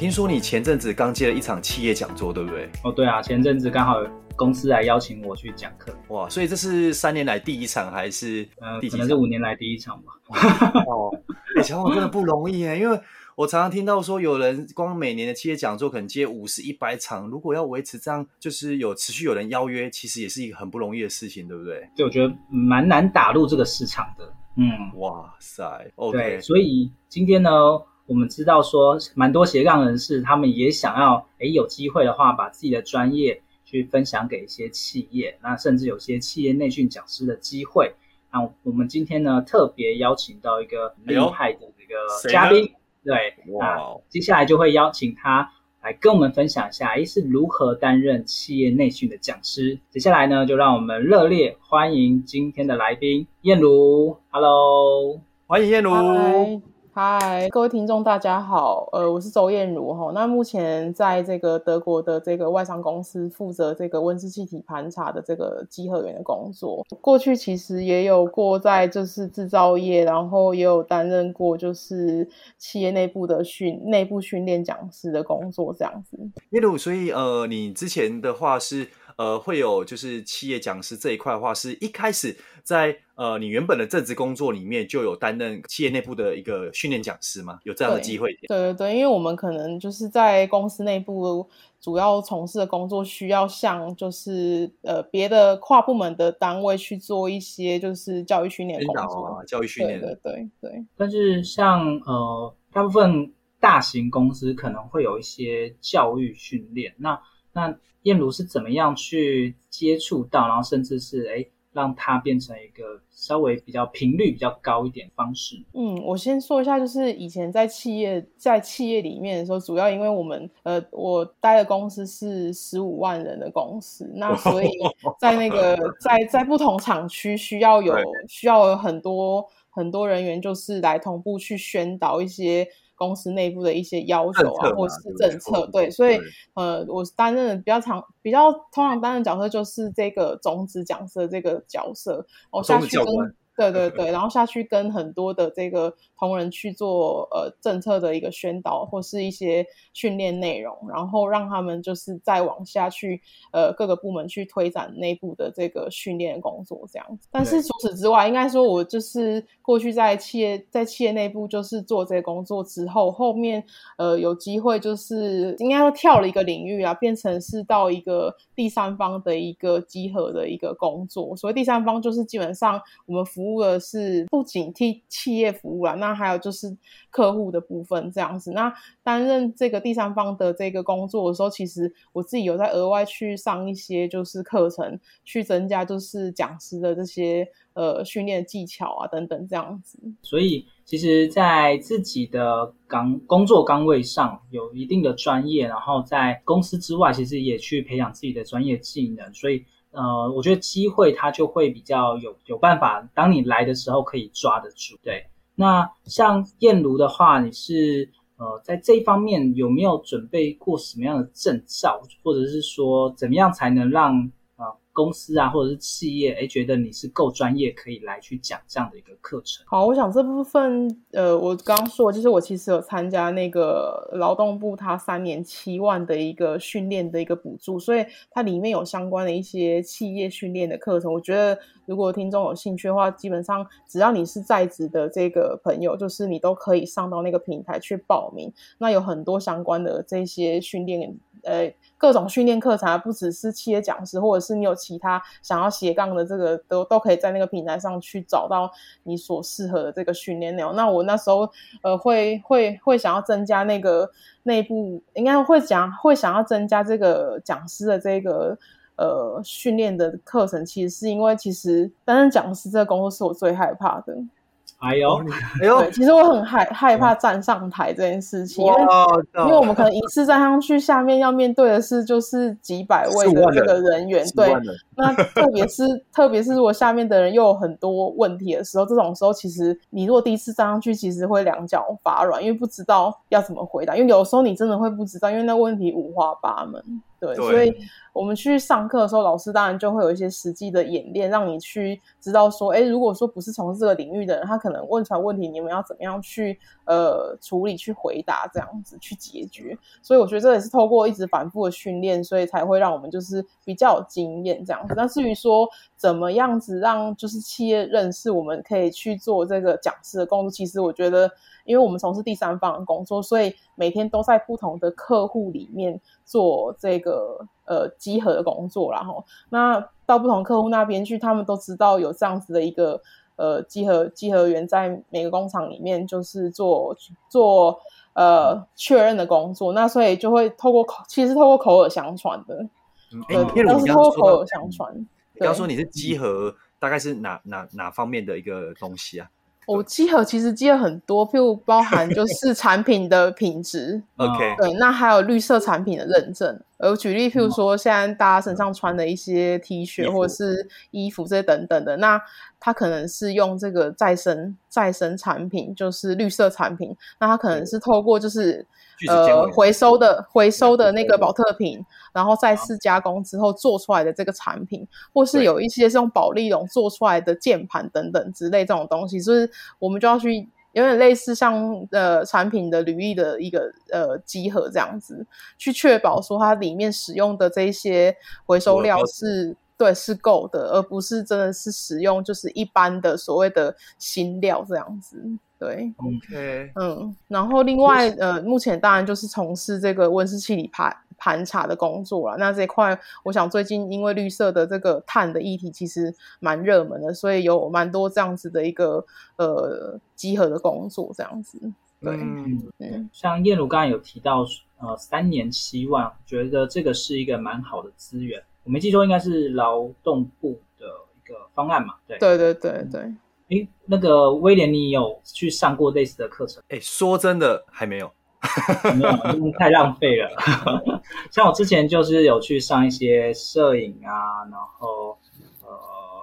聽說你前陣子剛接了一場企業講座，對不對？哦，對啊，前陣子剛好有公司來邀請我去講課。哇，所以這是三年來第一場還是第幾場？呃，可能是五年來第一場吧。哦，你瞧我真的不容易哎，因為我常常聽到說，有人光每年的企業講座可能接五十、一百場，如果要維持這樣，就是有持續有人邀約，其實也是一個很不容易的事情，對不對？對，我覺得蠻難打入這個市場的。嗯，哇塞，OK，所以今天呢？我們知道說，蠻多斜槓人士，他們也想要，誒有機會的話，把自己的專業去分享給一些企業，那甚至有些企業內訓講師的機會。那我們今天呢，特別邀請到一個厲害的一個嘉賓，哎、對，哦、那接下來就會邀請他來跟我們分享一下，誒是如何擔任企業內訓的講師。接下來呢，就讓我們熱烈歡迎今天的來賓，晏如，Hello，歡迎晏如。嗨，Hi, 各位聽眾，大家好。呃，我是周晏如。哈、哦。那目前在這個德國的這個外商公司，負責這個溫室氣體盤查的這個稽核員的工作。過去其實也有過在就是製造業，然後也有擔任過就是企業內部的訓內部訓練講師的工作這樣子。晏如，所以呃，你之前的話是。呃，會有就是企業講師這一塊的話，是一開始在呃你原本的正職工作裡面就有擔任企業內部的一個訓練講師嗎？有這樣的機會？對，對對對，因為我們可能就是在公司內部主要從事的工作需要向就是呃別的跨部門的單位去做一些就是教育訓練工作，啊、教育訓練，對對對。對，但是像呃大部分大型公司可能會有一些教育訓練，那。那晏如是怎麼樣去接觸到，然後甚至是誒，讓它變成一個稍微比較頻率比較高一點方式？嗯，我先說一下，就是以前在企業，在企業裡面的時候，主要因為我們呃，我待的公司是十五萬人的公司，那所以在那個 在在不同廠區需要有對需要有很多很多人員，就是來同步去宣導一些。公司內部的一些要求啊，或是政策，錯對，所以對對呃，我擔任比較常，比較通常擔任的角色就是這個種子講師，這個角色，我、哦、下去跟，對對對， 然後下去跟很多的這個。同仁去做呃，政策的一個宣導或是一些訓練內容，然後讓他們就是再往下去呃，各個部門去推展內部的這個訓練工作這樣子。但是除此之外，應該說我就是過去在企業在企業內部就是做這個工作之後，後面呃，有機會就是應該要跳了一個領域啊，變成是到一個第三方的一個集合的一個工作。所以第三方，就是基本上我們服務的是不僅替企業服務啦那。那還有就是客戶的部分這樣子。那擔任這個第三方的這個工作的時候，其實我自己有在額外去上一些就是課程，去增加就是講師的這些呃訓練技巧啊等等這樣子。所以，其實，在自己的崗工作崗位上有一定的專業，然後在公司之外，其實也去培養自己的專業技能。所以，呃，我覺得機會它就會比較有有辦法。當你來的時候，可以抓得住。對。那像晏如的話，你是呃在這方面有沒有準備過什麼樣的證照，或者是說怎麼樣才能讓啊、呃、公司啊或者是企業哎、欸、覺得你是夠專業，可以來去講這樣的一個課程？好，我想這部分呃，我剛剛說就是我其實有參加那個勞動部它三年七萬的一個訓練的一個補助，所以它裡面有相關的一些企業訓練的課程，我覺得。如果聽眾有興趣的話，基本上只要你是在職的這個朋友，就是你都可以上到那個平台去報名。那有很多相關的這些訓練，呃，各種訓練課程，不只是企業講師，或者是你有其他想要斜槓的這個，都都可以在那個平台上去找到你所適合的這個訓練內容。那我那時候呃，會會會想要增加那個內部，應該會想會想要增加這個講師的這個。呃，訓練的課程其實是因為，其實擔任講師這個工作是我最害怕的。哎呦、oh my 對，哎呦，其實我很害害怕站上台這件事情，oh、my 因為因為我們可能一次站上去，下面要面對的是就是幾百位的這個人員 這人對。 那特別是特別是如果下面的人又有很多問題的時候，這種時候其實你如果第一次站上去，其實會兩腳發軟，因為不知道要怎麼回答。因為有時候你真的會不知道，因為那問題五花八門。對，對所以我們去上課的時候，老師當然就會有一些實際的演練，讓你去知道說，哎、欸，如果說不是從事這個領域的人，他可能問出來問題，你們要怎麼樣去呃處理、去回答這樣子去解決。所以我覺得這也是透過一直反覆的訓練，所以才會讓我們就是比較有經驗這樣子。那至於說怎麼樣子讓就是企業認識我們可以去做這個講師的工作，其實我覺得，因為我們從事第三方的工作，所以每天都在不同的客戶裡面做這個呃稽核的工作，然後那到不同客戶那邊去，他們都知道有這樣子的一個呃稽核稽核員在每個工廠裡面就是做做呃確認的工作，那所以就會透過口，其實透過口耳相傳的。嗯，哎，對，我們當時剛剛說到，你要說你是稽核，對大概是哪哪哪方面的一個東西啊？我稽核其實積了很多，譬如，包含就是產品的品質，OK，對，那還有綠色產品的認證。Okay. 而我舉例，譬如說，現在大家身上穿的一些 T 恤或者是衣服這些等等的，服那它可能是用這個再生、再生產品，就是綠色產品。那它可能是透過就是、嗯、呃回收的、回收的那個寶特瓶，服然後再次加工之後做出來的這個產品，啊、或是有一些是用保麗龍做出來的鍵盤等等之類這種東西，所以我們就要去。有點類似像呃產品的履歷的一個呃集合這樣子，去確保說它裡面使用的這一些回收料是，是的，對，是夠的，而不是真的是使用就是一般的所謂的新料這樣子。對，OK，嗯，然後另外，就是，呃，目前當然就是從事這個溫室氣體盤盤查的工作了。那這一塊，我想最近因為綠色的這個碳的議題其實蠻熱門的，所以有蠻多這樣子的一個呃集合的工作這樣子。對，嗯嗯，像晏如剛才有提到呃三年七萬，覺得這個是一個蠻好的資源。我沒記錯，應該是勞動部的一個方案嘛？對，對對對對。嗯誒，那個威廉，你有去上過類似的課程？誒，說真的，還沒有， 沒有，因為太浪費了。 像我之前就是有去上一些攝影啊，然後呃，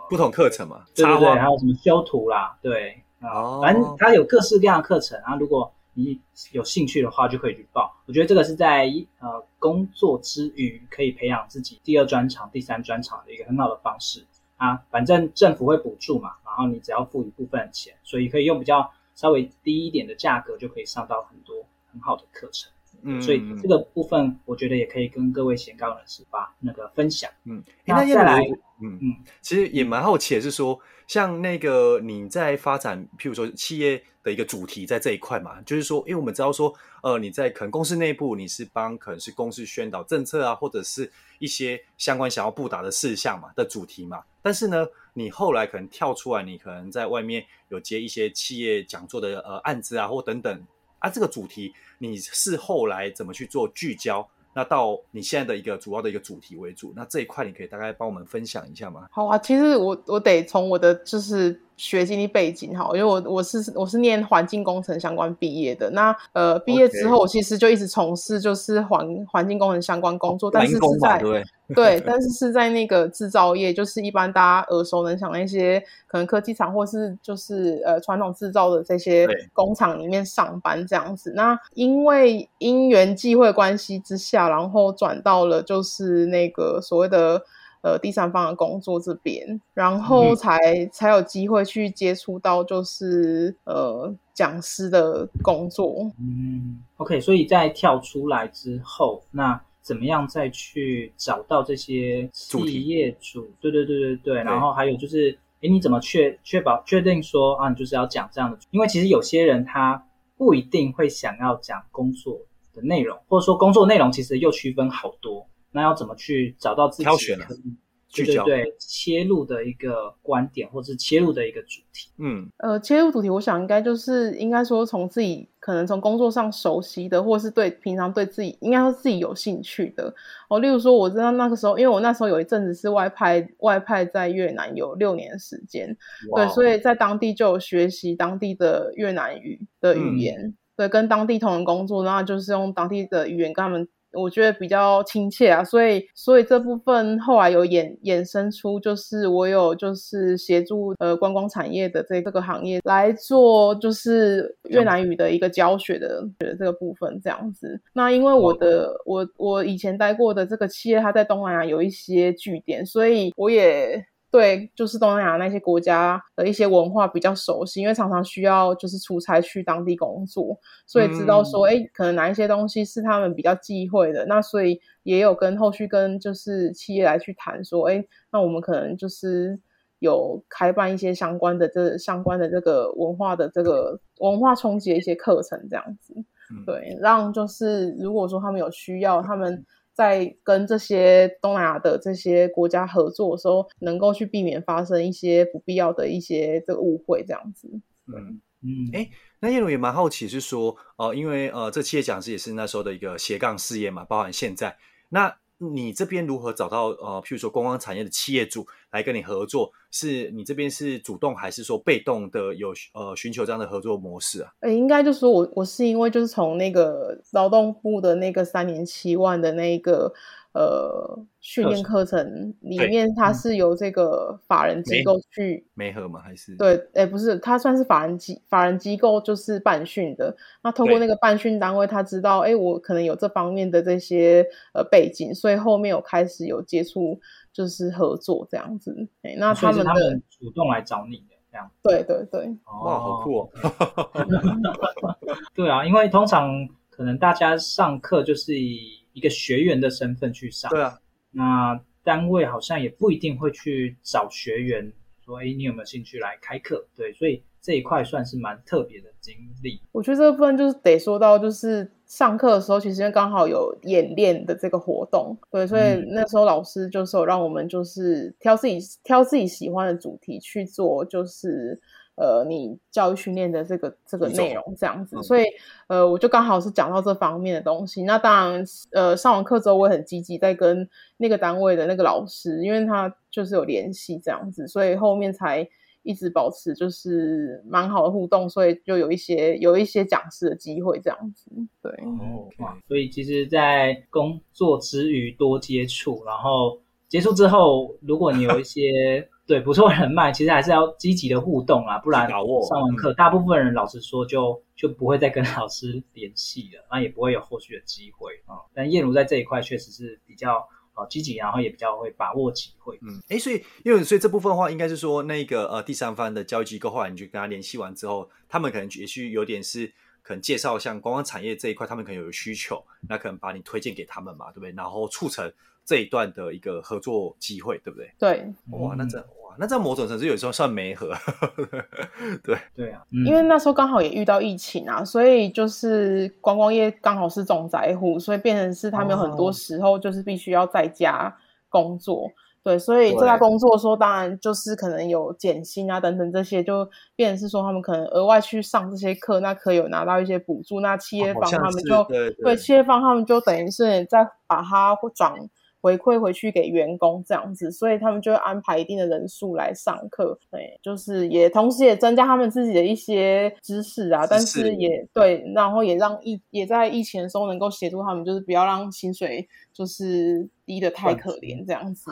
不同課程嘛，對對對，還有什麼修圖啦，對，呃、哦，反正它有各式各樣的課程啊。然後如果你有興趣的話，就可以去報。我覺得這個是在呃工作之餘可以培養自己第二專長、第三專長的一個很好的方式。啊，反正政府會補助嘛，然後你只要付一部分錢，所以可以用比較稍微低一點的價格就可以上到很多很好的課程。嗯，嗯，所以這個部分我覺得也可以跟各位斜槓人士發那個分享。嗯，那、啊、再來，嗯嗯，其實也蠻好奇的是說。嗯嗯像那個你在發展，譬如說企業的一個主題在這一塊嘛，就是說，因為我們知道說，呃，你在可能公司內部你是幫可能是公司宣導政策啊，或者是一些相關想要布達的事項嘛的主題嘛，但是呢，你後來可能跳出來，你可能在外面有接一些企業講座的呃案子啊，或等等啊，這個主題你是後來怎麼去做聚焦？那到你現在的一個主要的一個主題為主，那這一塊你可以大概幫我們分享一下嗎？好啊，其實我我得從我的就是。學經歷背景哈，因為我我是我是念環境工程相關畢業的，那呃畢業之後 Okay. 我其實就一直從事就是環環境工程相關工作，但是是在對，對， 對，但是是在那個制造業，就是一般大家耳熟能詳那些可能科技廠或是就是呃傳統制造的這些工廠裡面上班這樣子。對那因為因緣際會關係之下，然後轉到了就是那個所謂的。呃，第三方的工作這邊，然後才、嗯、才有機會去接觸到，就是呃，講師的工作。嗯，OK，所以在跳出來之後，那怎麼樣再去找到這些主題業主，對對對對對。對，然後還有就是，哎，你怎麼確確保確定說啊，你就是要講這樣的？因為其實有些人他不一定會想要講工作的內容，或者說工作內容其實又區分好多。那要怎麼去找到自己挑選呢可能聚焦、對對切入的一個觀點，或者是切入的一個主題？嗯，呃，切入主題，我想應該就是應該說從自己可能從工作上熟悉的，或是對平常對自己應該說自己有興趣的哦。例如說，我知道那個時候，因為我那時候有一陣子是外派，外派在越南有六年時間，哇對，所以在當地就有學習當地的越南語的語言，嗯、對，跟當地同仁工作，然後就是用當地的語言跟他們。我覺得比較親切啊，所以所以這部分後來有衍衍生出，就是我有就是協助呃觀光產業的這這個行業來做，就是越南語的一個教學的這個部分這樣子。那因為我的我我以前待過的這個企業，它在東南亞有一些據點，所以我也。對，就是東南亞那些國家的一些文化比較熟悉，因為常常需要就是出差去當地工作，所以知道說，哎、嗯，可能哪一些東西是他們比較忌諱的。那所以也有跟後續跟就是企業來去談說，哎，那我們可能就是有開辦一些相關的這相關的這個文化的這個文化衝擊的一些課程，這樣子，對，讓就是如果說他們有需要，他們，在跟這些東南亞的這些國家合作的時候，能夠去避免發生一些不必要的、一些這個誤會，這樣子。嗯嗯，哎、嗯欸，那葉魯也蠻好奇，是說呃，因為呃，這企業講師也是那時候的一個斜槓事業嘛，包含現在那。你這邊如何找到呃，譬如說觀光產業的企業主來跟你合作？是你這邊是主動還是說被動的有呃尋求這樣的合作模式啊？欸，應該就是說我我是因為就是從那個勞動部的那個三年七萬的那個。呃，訓練課程對裡面，它是由這個法人機構去，媒、媒合嗎？還是對，哎，不是，它算是法人機法人機構，就是辦訓的。那透過那個辦訓單位，他知道，哎對，我可能有這方面的這些呃背景，所以後面有開始有接觸，就是合作這樣子。哎，那他們、他們主動來找你的這樣子對，對對對，哇，好酷哦！ 對啊，因為通常可能大家上課就是以。一個學員的身份去上，對啊，那單位好像也不一定會去找學員，所以，哎，你有沒有興趣來開課？對，所以這一塊算是蠻特別的經歷。我覺得這部分就是得說到，就是上課的時候，其實剛好有演練的這個活動，對，所以那時候老師就是有讓我們就是挑自己挑自己喜歡的主題去做，就是。呃，你教育訓練的這個這個內容這樣子，嗯、所以呃，我就剛好是講到這方面的東西。那當然，呃，上完課之後，我也很積極在跟那個單位的那個老師，因為他就是有聯繫這樣子，所以後面才一直保持就是蠻好的互動，所以就有一些有一些講師的機會這樣子。對，哇、哦，okay. 所以其實，在工作之餘多接觸，然後結束之後，如果你有一些。 對，不錯人脈，其實還是要積極的互動啊，不然上完課，嗯、大部分人老實說就就不會再跟老師聯繫了，那也不會有後續的機會啊、嗯。但晏如在這一塊確實是比較啊積極，然後也比較會把握機會。嗯，哎，所以因為所以這部分的話，應該是說那個呃第三方的教育機構，後來你就跟他聯繫完之後，他們可能也許有點是可能介紹像觀光產業這一塊，他們可能有需求，那可能把你推薦給他們嘛，對不對？然後促成這一段的一個合作機會，對不對？對哇，哇，那這哇，那這某種程度有時候算沒合，嗯、呵呵對對啊，因為那時候剛好也遇到疫情啊，所以就是觀光業剛好是重災戶，所以變成是他們有很多時候就是必須要在家工作，哦、對，所以在家工作的時候對當然就是可能有減薪啊等等這些，就變成是說他們可能額外去上這些課，那可以有拿到一些補助，那企業方他們就、哦、對，對，對，對，企業方他們就等於是再把它漲，回饋回去給員工這樣子，所以他們就安排一定的人數來上課，對，就是也同時也增加他們自己的一些知識啊，識。但是也，對，然後也讓疫也在疫情的時候能夠協助他們，就是不要讓薪水就是低得太可憐這樣子。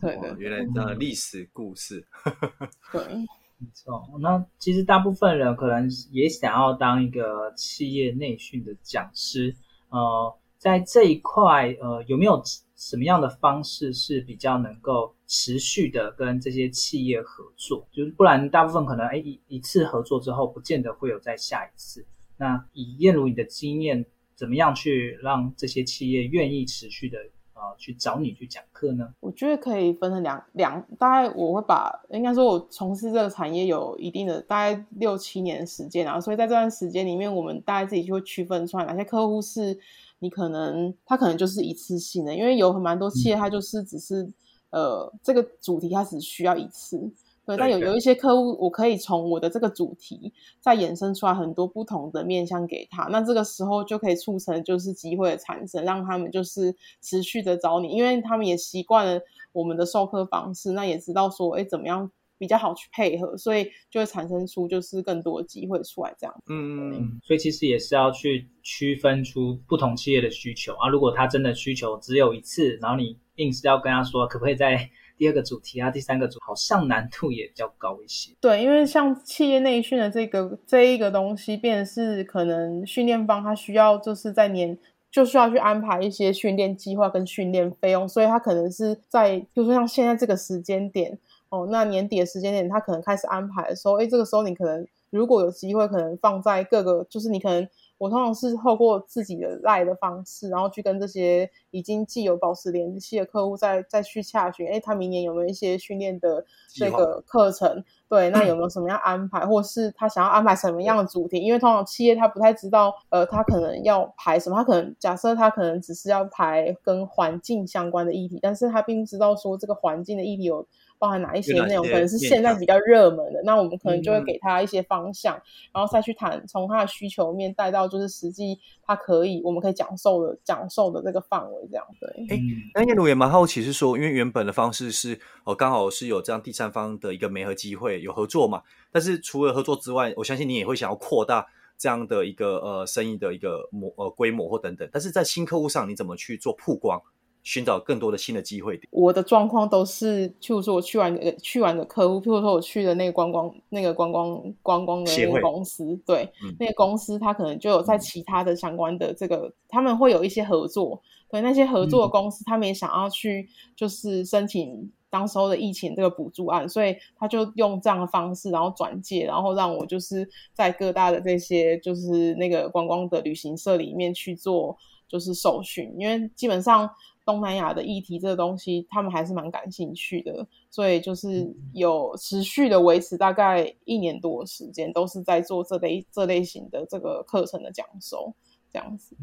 對的，原來那歷史故事， 對，沒錯。那其實大部分人可能也想要當一個企業內訓的講師，呃，在這一塊，呃，有沒有？什麼樣的方式是比較能夠持續的跟這些企業合作？就是不然，大部分可能哎一一次合作之後，不見得會有再下一次。那以晏如你的經驗，怎麼樣去讓這些企業願意持續的啊、呃、去找你去講課呢？我覺得可以分成兩兩，大概我會把應該說，我從事這個產業有一定的大概六七年時間啊，然後所以在這段時間裡面，我們大概自己就會區分出來哪些客戶是。你可能，他可能就是一次性的，因為有很蠻多企業，它就是只是呃這個主題，它只需要一次。對，但有有一些客戶，我可以從我的這個主題再衍生出來很多不同的面向給他。那這個時候就可以促成就是機會的產生，讓他們就是持續的找你，因為他們也習慣了我們的授課方式，那也知道說，誒，怎麼樣。比較好去配合，所以就會產生出就是更多機會出來這樣子。嗯嗯，所以其實也是要去區分出不同企業的需求啊。如果他真的需求只有一次，然後你硬是要跟他說可不可以在第二個主題啊、第三個主題，好像難度也比較高一些。對，因為像企業內訓的這個這一個東西，便是可能訓練方他需要就是在年就需要去安排一些訓練計劃跟訓練費用，所以他可能是在就是像現在這個時間點。哦，那年底的時間點，他可能開始安排的時候，誒，這個時候你可能如果有機會，可能放在各個，就是你可能我通常是透過自己的賴的方式，然後去跟這些已經既有保持聯繫的客戶，再再去洽詢，哎，他明年有沒有一些訓練的這個課程？好對，那有沒有什麼樣安排， 或是他想要安排什麼樣的主題？因為通常企業他不太知道，呃，他可能要排什麼，他可能假設他可能只是要排跟環境相關的議題，但是他並不知道說這個環境的議題有。包含哪一些內容？可能是現在比較熱門的，堂那我們可能就會給他一些方向，嗯、然後再去談從他的需求面帶到就是實際他可以，我們可以講授的講授的這個範圍這樣。對，哎、嗯，那業主也蠻好奇是說，因為原本的方式是哦，呃、剛好是有這樣第三方的一個媒合機會有合作嘛，但是除了合作之外，我相信你也會想要擴大這樣的一個呃生意的一個模呃規模或等等，但是在新客戶上你怎麼去做曝光？尋找更多的新的機會。我的狀況都是，譬如說，我去完去完的客戶，譬如說，我去了那個觀光、那個觀光觀光的那個公司，會對，嗯、那個公司他可能就有在其他的相關的這個，嗯、他們會有一些合作，對那些合作的公司，他們也想要去就是申請當時候的疫情這個補助案，所以他就用這樣的方式，然後轉介，然後讓我就是在各大的這些就是那個觀光的旅行社裡面去做就是搜尋，因為基本上。東南亞的議題這個東西，他們還是蠻感興趣的，所以就是有持續的維持大概一年多的時間，都是在做這類這類型的這個課程的講授這樣子。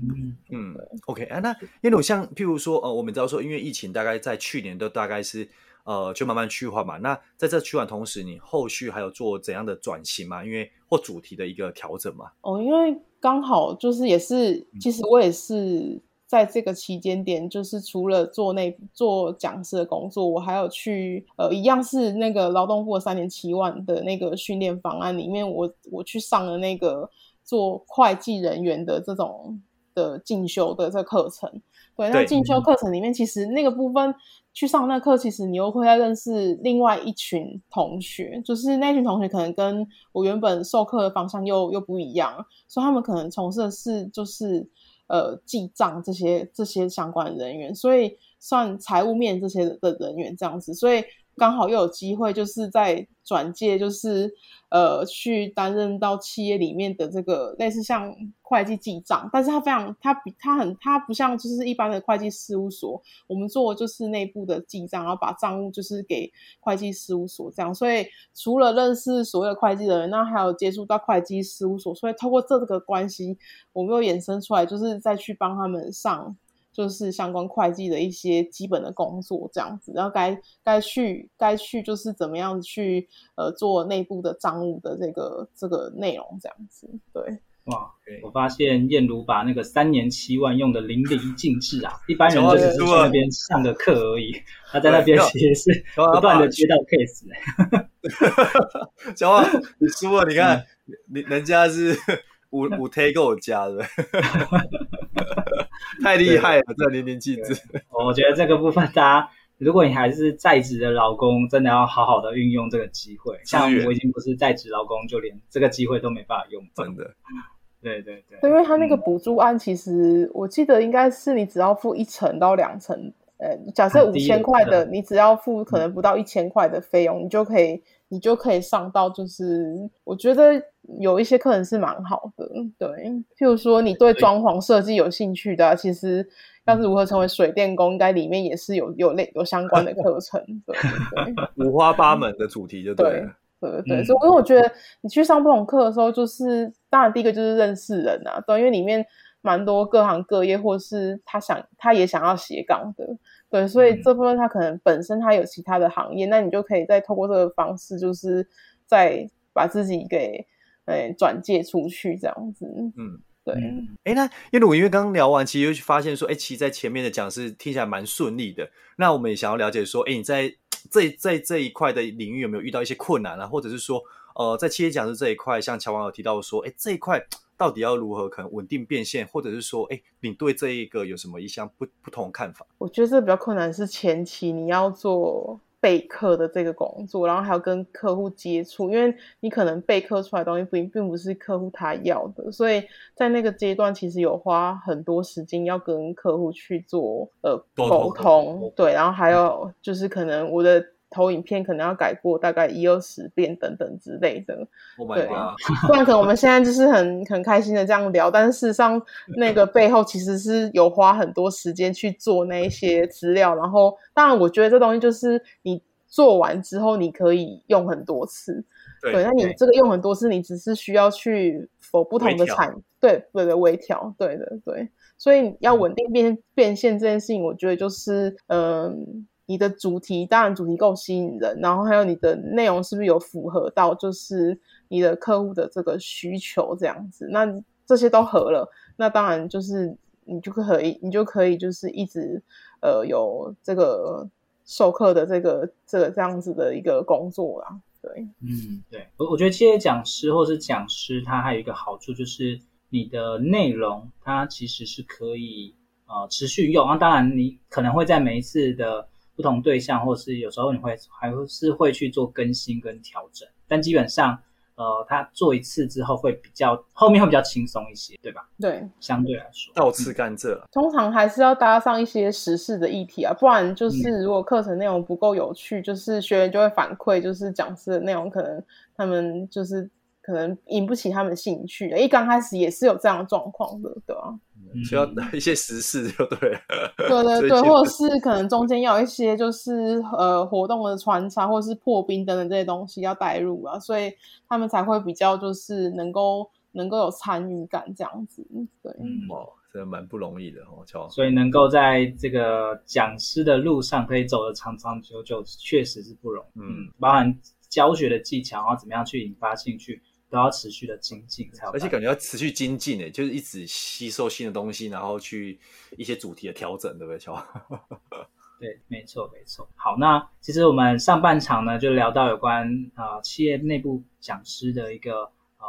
嗯對 OK 啊，那因為像譬如說，呃，我們知道說，因為疫情大概在去年都大概是呃，就慢慢趨緩嘛。那在這趨緩同時，你後續還有做怎樣的轉型嘛？因為或主題的一個調整嘛？哦，因為剛好就是也是，其實我也是。嗯在這個期間點，就是除了做那做講師的工作，我還有去呃，一樣是那個勞動部三年七萬的那個訓練方案裡面，我我去上了那個做會計人員的這種的進修的這個課程。對對那個進修課程裡面，其實那個部分去上那課，其實你又會再認識另外一群同學，就是那群同學可能跟我原本授課的方向又又不一樣，所以他們可能從事的是就是。呃，記賬這些這些相關人員，所以算財務面這些的人、人員這樣子，所以。剛好又有機會，就是在轉介，就是呃去擔任到企業裡面的這個類似像會計記賬，但是他非常他比他很他不像就是一般的會計事務所，我們做的就是內部的記賬，然後把賬務就是給會計事務所這樣。所以除了認識所有會計的人，那還有接觸到會計事務所，所以透過這個關係，我們又衍生出來，就是再去幫他們上。就是相關會計的一些基本的工作，這樣子，然後該該去該去就是怎麼樣去呃做內部的賬務的這個這個內容，這樣子，對。哇，我發現晏如把那個三年七萬用的淋漓盡致啊，一般人就是去那邊上個課而已，他在那邊其實是不斷的接到 case。小 王， 你輸了，你看你人家是五五 t a 我 e 加的。 太厲害了，對這淋漓盡致。我覺得這個部分，大家如果你還是在職的勞工，真的要好好的運用這個機會。的像我已經不是在職勞工，就連這個機會都沒辦法用，真的。對對對。因為他那個補助案，其實、嗯、我記得應該是你只要付一成到兩成，呃，假設五千塊的，你只要付可能不到一千塊的費用，嗯、你就可以。你就可以上到，就是我覺得有一些課程是蠻好的，對。譬如說，你對裝潢設計有興趣的、啊，其實要是如何成為水電工，應該裡面也是有有類有相關的課程，對 對。對，五花八門的主題就對對對、對、對，所以我覺得你去上不同課的時候，就是、嗯、當然第一個就是認識人啊，對，因為裡面蠻多各行各業，或是他想他也想要斜槓的。對，所以這部分他可能本身他有其他的行業，嗯、那你就可以再透過這個方式，就是再把自己給哎轉介出去這樣子。嗯，對。哎、嗯，那因為我因為剛聊完，其實又發現說，哎，其實在前面的講師聽起來蠻順利的。那我們也想要了解說，哎，你在這在這一塊的領域有沒有遇到一些困難啊？或者是說，呃，在企業講師這一塊，像喬王有提到說，哎，這一塊。到底要如何可能穩定變現，或者是說，哎、欸，你對這一個有什麼一項不不同看法？我覺得這比較困難是前期你要做備課的這個工作，然後還要跟客戶接觸，因為你可能備課出來的東西並，並不是客戶他要的，所以在那個階段其實有花很多時間要跟客戶去做呃溝通，對，然後還有就是可能我的。投影片可能要改過大概一二十遍等等之類的，們啊、對，雖 然可能我們現在就是很很開心的這樣聊，但是事實上那個背後其實是有花很多時間去做那一些資料， 然後當然我覺得這東西就是你做完之後你可以用很多次，對，那對你這個用很多次，對你只是需要去否不同的產，調對，對的微調，對的對，所以要穩定變變現這件事情，我覺得就是嗯。呃你的主題當然主題夠吸引人，然後還有你的內容是不是有符合到就是你的客戶的這個需求這樣子？那這些都合了，那當然就是你就可以你就可以就是一直呃有這個授課的這個這個這樣子的一個工作啦。對，嗯，對我我覺得企業講師或是講師，它還有一個好處就是你的內容它其實是可以呃持續用。那、啊、當然你可能會在每一次的不同對象，或是有時候你會還是會去做更新跟調整，但基本上，呃，他做一次之後會比較後面會比較輕鬆一些，對吧？對，相對來說。倒吃甘蔗了，嗯，通常還是要搭上一些時事的議題啊，不然就是如果課程內容不夠有趣，嗯，就是學員就會反饋，就是講師的內容可能他們就是。可能引不起他們興趣的，一剛開始也是有這樣的狀況的，對啊、嗯、需要一些時事就對了，對對對，或者是可能中間要有一些就是呃活動的穿插，或者是破冰等等這些東西要帶入啊，所以他們才會比較就是能夠能夠有參與感這樣子，對，嗯、哦，這蠻不容易的哦，所以能夠在這個講師的路上可以走得長長久久，確實是不容易，嗯，嗯，包含教學的技巧啊，然後怎麼樣去引發興趣。都要持續的精進才，而且感覺要持續精進誒，就是一直吸收新的東西，然後去一些主題的調整，對不對，小王？對，沒錯，沒錯。好，那其實我們上半場呢，就聊到有關啊、呃、企業內部講師的一個呃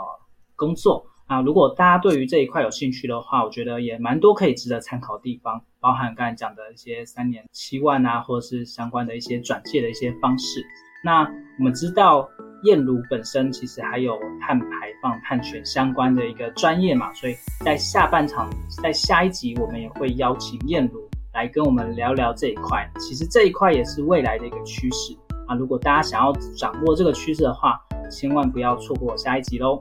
工作。啊。如果大家對於這一塊有興趣的話，我覺得也蠻多可以值得參考的地方，包含剛才講的一些三年七萬啊，或者是相關的一些轉介的一些方式。那我們知道。晏如本身其實還有碳排放、碳權相關的一個專業嘛，所以在下半場，在下一集我們也會邀請晏如來跟我們聊聊這一塊。其實這一塊也是未來的一個趨勢啊！如果大家想要掌握這個趨勢的話，千萬不要錯過下一集嘍。